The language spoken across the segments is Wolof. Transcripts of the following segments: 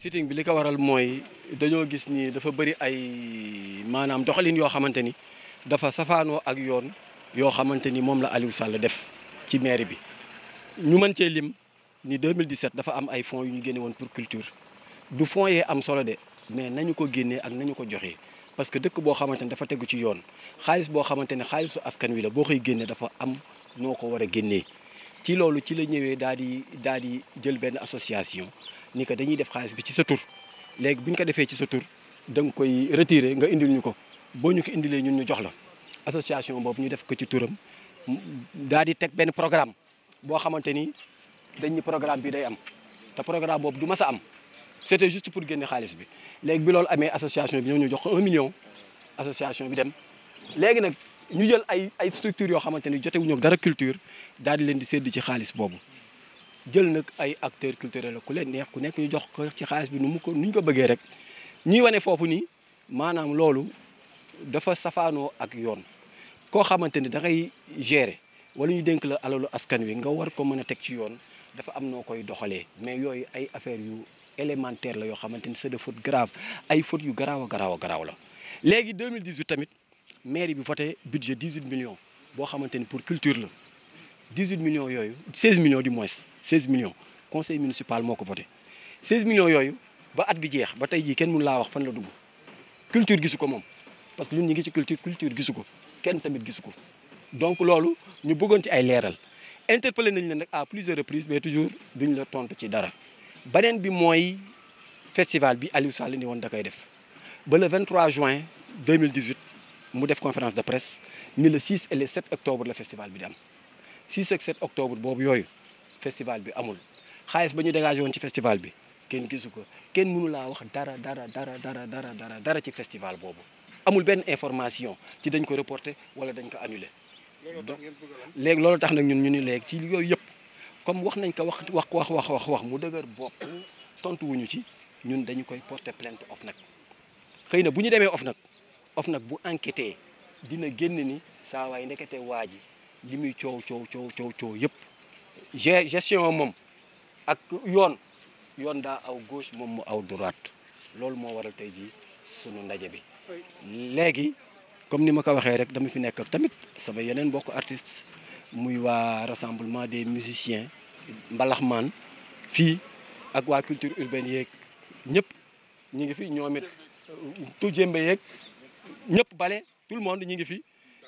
sitting bi li ko waral mooy dañoo gis ni dafa bëri ay maanaam doxalin yoo xamante ni dafa safaanoo ak yoon yoo xamante ni moom la Aliou Sall def ci mairie bi ñu mën cee lim ni 2017 dafa am ay fonds yu ñu génnewoon pour culture du fonds yee am solo de mais nañu ko génnee ak nañu ko joxee parce que dëkk boo xamante ni dafa tegu ci yoon xaalis boo xamante ne xaalisu askan wi la boo koy génnee dafa am noo ko war a génnee ci loolu ci la ñëwee daal di daal di jël benn association ni que dañuy def xaalis bi ci sa tur léegi bu ñu ko defee ci sa tur da nga koy retirer nga indil ñu ko boo ñu ko indilee ñun ñu jox la association boobu ñu def ko ci turam daal di teg benn programme boo xamante ni dañu programme bi day am te programme boobu du mas a am et juste pour génne xaalis bi léegi bi loolu amee association bi ñoo ñu jox ko un million association bi dem léegi nag. ñu jël ay ay structures yoo xamante ni jotewuñu dara culture daal di leen di sédd ci xaalis boobu jël nag ay acteurs culturel la ku leen neex ku nekk ñu jox ko ci xaalis bi nu mu ko nu ñu ko bëggee rek ñuy wane foofu nii maanaam loolu dafa safaanoo ak yoon koo xamante ni da ngay wala ñu denk la alalu askan wi nga war ko mën a teg ci yoon dafa am noo koy doxalee mais yooyu ay affaires yu élémentaire la yoo xamante ni c'est de faute grave ay fautes yu garaaw a garaaw la mairie bi voté budget 18 millions bo xamanteni pour culture la 18 millions yoyu 16 millions du moins 16 millions conseil municipal moko voté 16 millions yoyu ba at bi jeex ba tay ji kenn mun la wax fan la dugg culture gisu ko parce que ñun ñi ngi ci culture culture gisu ko kenn tamit gisu ko donc lolu ñu bëggon ci ay léral interpeller nañ la nak à plusieurs reprises mais toujours duñ la tontu ci dara benen bi moy festival bi Aliou Sall ni won da koy def ba le 23 juin 2018 mu def conférence de presse ni le 6 et le 7 octobre le festival bi di am 6 ak 7 octobre boobu yooyu festival bi amul xaalis ba ñu dégagé woon ci festival bi kenn gisu ko kenn mënu wax dara dara dara dara dara dara dara ci festival boobu amul benn information ci dañ ko reporter wala dañ ko annulé donc léegi loolu tax nag ñun ñu ni léegi ci yooyu yëpp comme wax nañ ko wax wax wax wax wax wax mu dëgër bopp tontu wuñu ci ñun dañu koy porter plainte of nag xëy na bu ñu demee nag OFNAC bu enquêté dina génn ni saa waay ndekete waa ji ciow ciow ciow ciow coow coow gestion mom ak yoon yoon da aw gauche mom mu aw droite loolu mo waral tey jii sunu ndaje bi légui comme ni ma ko waxee rek dama fi nekk tamit sama yenen bokk artistes muy wa rassemblement des musiciens mbalaxman fi ak wa culture urbaine yeeg ñëpp ñi ngi fi ñomit it euh, tujjembe yeeg ñëpp bale tout le monde ñi ngi fi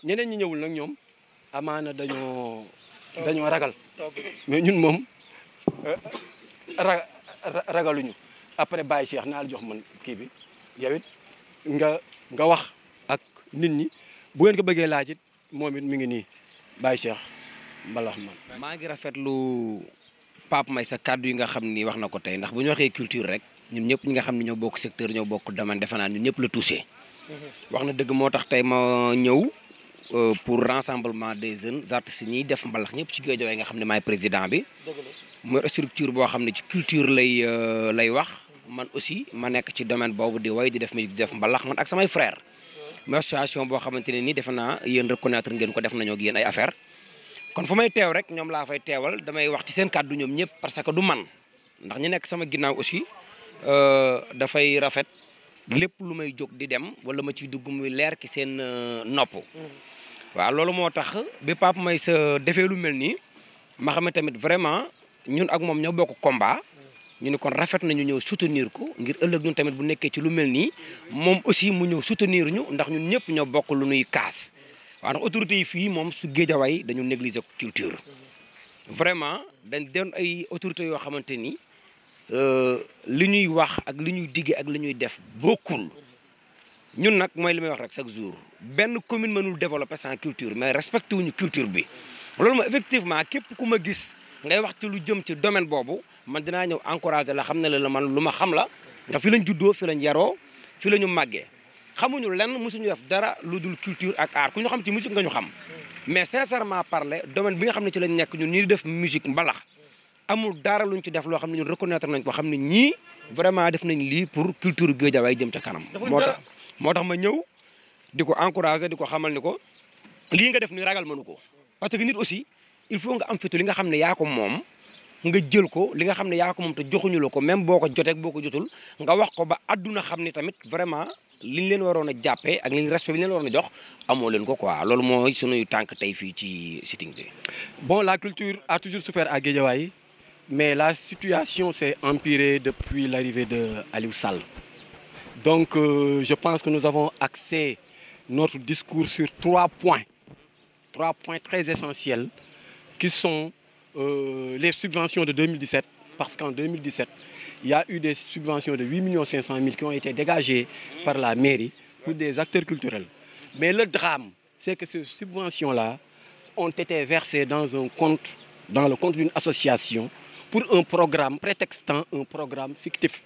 ñeneen ñi ñëwul nak ñom amana dañu dañu ragal mais ñun mom euh, ra ragaluñu après baye Cheikh naa la jox man ki bi yawit nga nga wax ak nit ñi bu ngeen ko bëggee laaj it momit mi ngi ni baye Cheikh mbalax man ma ngi rafetlu pap May sa kàddu yi nga xamni wax ko ndax bu ñu waxe culture rek ñun ñëpp ñi nga xamni ñoo bokk secteur ñoo bokk domaine defana ñun ñëpp la tousser Mm-hmm. waxna deug dëgg moo tax tey ma ñew euh, pour rassemblement des jeunes artistes ñiy def mbalax ñep ci Guédiawaye nga xamni may président bi mooy structure bo xamni ci culture lay euh, lay wax man aussi ma nek ci domaine bobu di way di def musique def mbalax man ak samay frère ma association bo xamanteni ni def na yeen reconnaître ngeen ko def nañu ak yeen ay affaire kon fumay tew rek ñom la fay tewal damay wax ci seen kàddu ñom ñep parce que du man ndax ñi nek sama ginnaw aussi euh da fay rafet lépp lu may jóg di dem wala ma ciy dugg muy leer ki seen euh, nopp. Mm. waaw loolu moo tax bi Pape may sa defee lu mel nii ma xam ne tamit vraiment ñun ak moom ñoo bokk combat. Mm. ñu ne kon rafet nañu ñëw soutenir ko ngir ëllëg ñun tamit bu nekkee ci lu mel nii moom aussi mu ñëw soutenir ñu ndax ñun ñëpp ñoo bokk lu nuy kaas. Mm. waaw ndax autorités yi fii moom su géejawaay dañu négliger culture. vraiment dañ doon ay autorités yoo xamante ni. Euh, li ñuy wax ak li ñuy digge ak li ñuy def bokkul ñun nag mooy li may wax rek chaque jour benn commune mënul développer sans culture mais respecté wuñu culture bi loolu mooy effectivement képp ku ma gis ngay wax ci lu jëm ci domaine boobu man dinaa ñëw encouragé la xam ne la man lu ma xam la ndax fi lañ juddoo fi lañ yaroo fi la ñu màggee xamuñu lenn mosuñu def dara lu dul culture ak art ku ñu xam ci musique nga ñu xam mais sincèrement parler domaine bi nga xam ne ci lañ nekk ñun ñuy def musique mbalax amul dara luñ ci def loo xam ne ñun reconnaître nañ ko xam ne ñii vraiment def nañ lii pour culture Guédiawaye jëm ca kanam. moo tax moo tax ma ñëw di ko encouragé di ko xamal ni ko lii nga def ni ragal mënu ko. parce que nit aussi il faut nga am fitu li nga xam ne yaako moom nga jël ko li nga xam ne yaa ko moom te joxuñu la ko même boo ko jotee boo ko jotul nga wax ko ba adduna xam ni tamit vraiment. liñ leen waroon a jàppee ak liñ respect bi ñu leen waroon jox amoo leen ko quoi loolu mooy sunuy tànk tey fii ci sitting bi. bon la culture a toujours souffert à Guédiawaye Mais la situation s'est empirée depuis l'arrivée de Aliou Donc euh, je pense que nous avons axé notre discours sur trois points, trois points très essentiels qui sont euh, les subventions de 2017, parce qu'en 2017, il y a eu des subventions de 8 500 000 qui ont été dégagées par la mairie pour des acteurs culturels. Mais le drame, c'est que ces subventions-là ont été versées dans un compte, dans le compte d'une association pour un programme, prétextant un programme fictif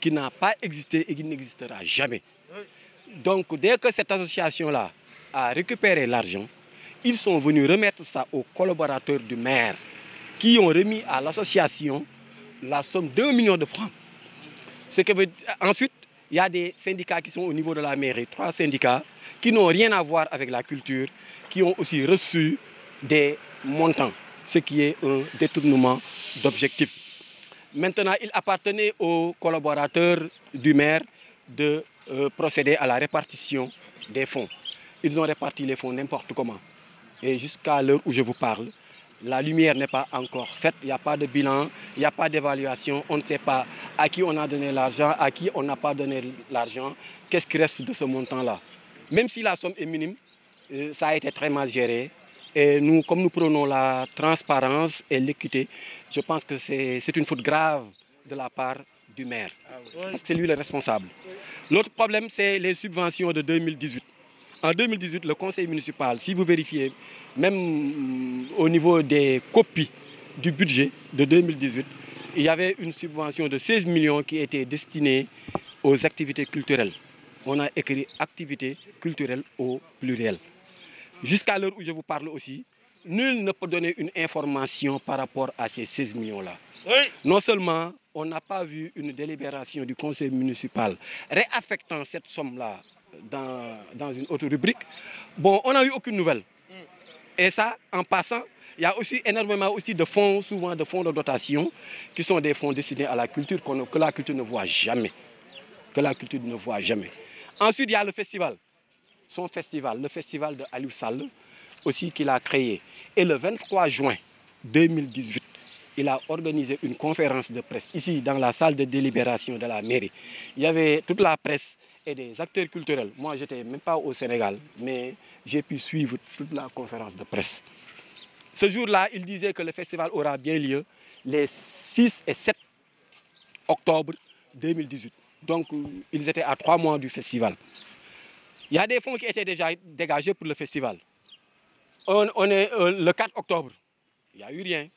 qui n'a pas existé et qui n'existera jamais. Donc dès que cette association-là a récupéré l'argent, ils sont venus remettre ça aux collaborateurs du maire qui ont remis à l'association la somme de 2 millions de francs. Ensuite, il y a des syndicats qui sont au niveau de la mairie, trois syndicats qui n'ont rien à voir avec la culture, qui ont aussi reçu des montants ce qui est un détournement d'objectif. Maintenant, il appartenait aux collaborateurs du maire de euh, procéder à la répartition des fonds. Ils ont réparti les fonds n'importe comment. Et jusqu'à l'heure où je vous parle, la lumière n'est pas encore faite, il n'y a pas de bilan, il n'y a pas d'évaluation, on ne sait pas à qui on a donné l'argent, à qui on n'a pas donné l'argent, qu'est-ce qui reste de ce montant-là. Même si la somme est minime, euh, ça a été très mal géré, et nous, comme nous prenons la transparence et l'équité, je pense que c'est une faute grave de la part du maire. Ah c'est lui le responsable. L'autre problème, c'est les subventions de 2018. En 2018, le conseil municipal, si vous vérifiez, même mm, au niveau des copies du budget de 2018, il y avait une subvention de 16 millions qui était destinée aux activités culturelles. On a écrit activités culturelles au pluriel. Jusqu'à l'heure où je vous parle aussi, nul ne peut donner une information par rapport à ces 16 millions-là. Non seulement on n'a pas vu une délibération du conseil municipal réaffectant cette somme-là dans, une autre rubrique, bon, on n'a eu aucune nouvelle. Mm. Et ça, en passant, il y a aussi énormément aussi de fonds, souvent de fonds de dotation, qui sont des fonds destinés à la culture, que la culture ne voit jamais. Que la culture ne voit jamais. Ensuite, il y a le festival son festival, le festival de Aliou aussi qu'il a créé. Et le 23 juin 2018, il a organisé une conférence de presse ici dans la salle de délibération de la mairie. Il y avait toute la presse et des acteurs culturels. Moi, je n'étais même pas au Sénégal, mais j'ai pu suivre toute la conférence de presse. Ce jour-là, il disait que le festival aura bien lieu les 6 et 7 octobre 2018. Donc, euh, ils étaient à trois mois du festival. Il y a des fonds qui étaient déjà dégagés pour le festival. On, est euh, le 4 octobre, il n'y a eu rien.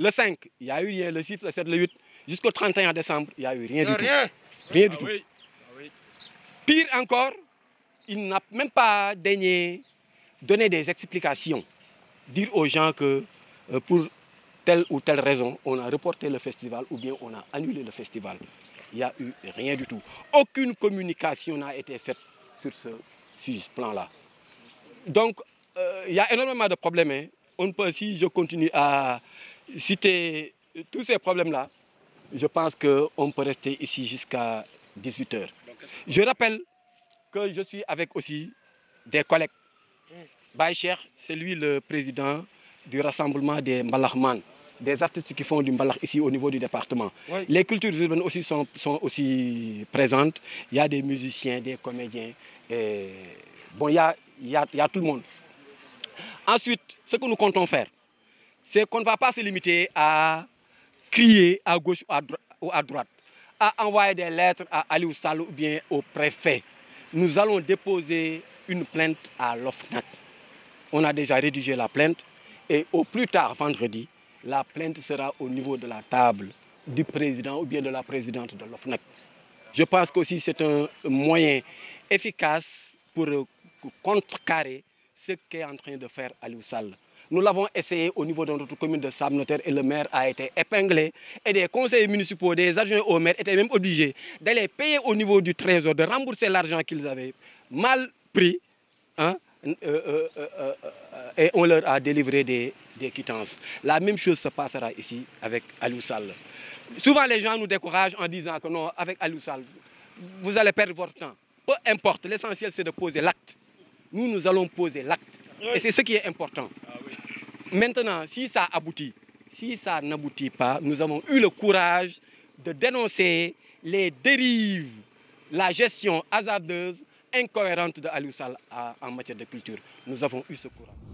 Le 5, il n'y a eu rien. Le 6, le 7, le 8, jusqu'au 31 décembre, il n'y a eu rien du tout. Rien, du ah tout. Pire encore, il n'a même pas daigné donner des explications, dire aux gens que euh, pour telle ou telle raison, on a reporté le festival ou bien on a annulé le festival. Il n'y a eu rien du tout. Aucune communication n'a été faite sur ce sur ce plan-là. Donc, euh, il y a énormément de problèmes. Hein. On peut, si je continue à citer tous ces problèmes-là, je pense qu'on peut rester ici jusqu'à 18 h Je rappelle que je suis avec aussi des collègues. Baïcher, c'est lui le président du rassemblement des Malachman, des artistes qui font du Mbalach ici au niveau du département. Les cultures urbaines aussi sont, sont aussi présentes. Il y a des musiciens, des comédiens, et eh, bon, il y a, tout le monde. Ensuite, ce que nous comptons faire, c'est qu'on ne va pas se limiter à crier à gauche ou à, droite, à envoyer des lettres à Aliou Sall ou bien au préfet. Nous allons déposer une plainte à l'OFNAC. On a déjà rédigé la plainte et au plus tard vendredi, la plainte sera au niveau de la table du président ou bien de la présidente de l'OFNAC. Je pense qu'aussi c'est un moyen efficace pour euh, contrecarrer ce qu'est en train de faire Aliou Nous l'avons essayé au niveau de notre commune de Samnoter et le maire a été épinglé. Et des conseillers municipaux, des adjoints au maire étaient même obligés d'aller payer au niveau du trésor, de rembourser l'argent qu'ils avaient mal pris. Hein, euh, euh, euh, et on leur a délivré des, quittances. La même chose se passera ici avec Aliou Sall. Souvent les gens nous découragent en disant que non, avec Aliou Sall, vous allez perdre votre temps. Peu importe, l'essentiel c'est de poser l'acte. Nous, nous allons poser l'acte. Et c'est ce qui est important. Ah Maintenant, si ça aboutit, si ça n'aboutit pas, nous avons eu le courage de dénoncer les dérives, la gestion hasardeuse incohérente de Aliou euh, en matière de culture. Nous avons eu ce courant.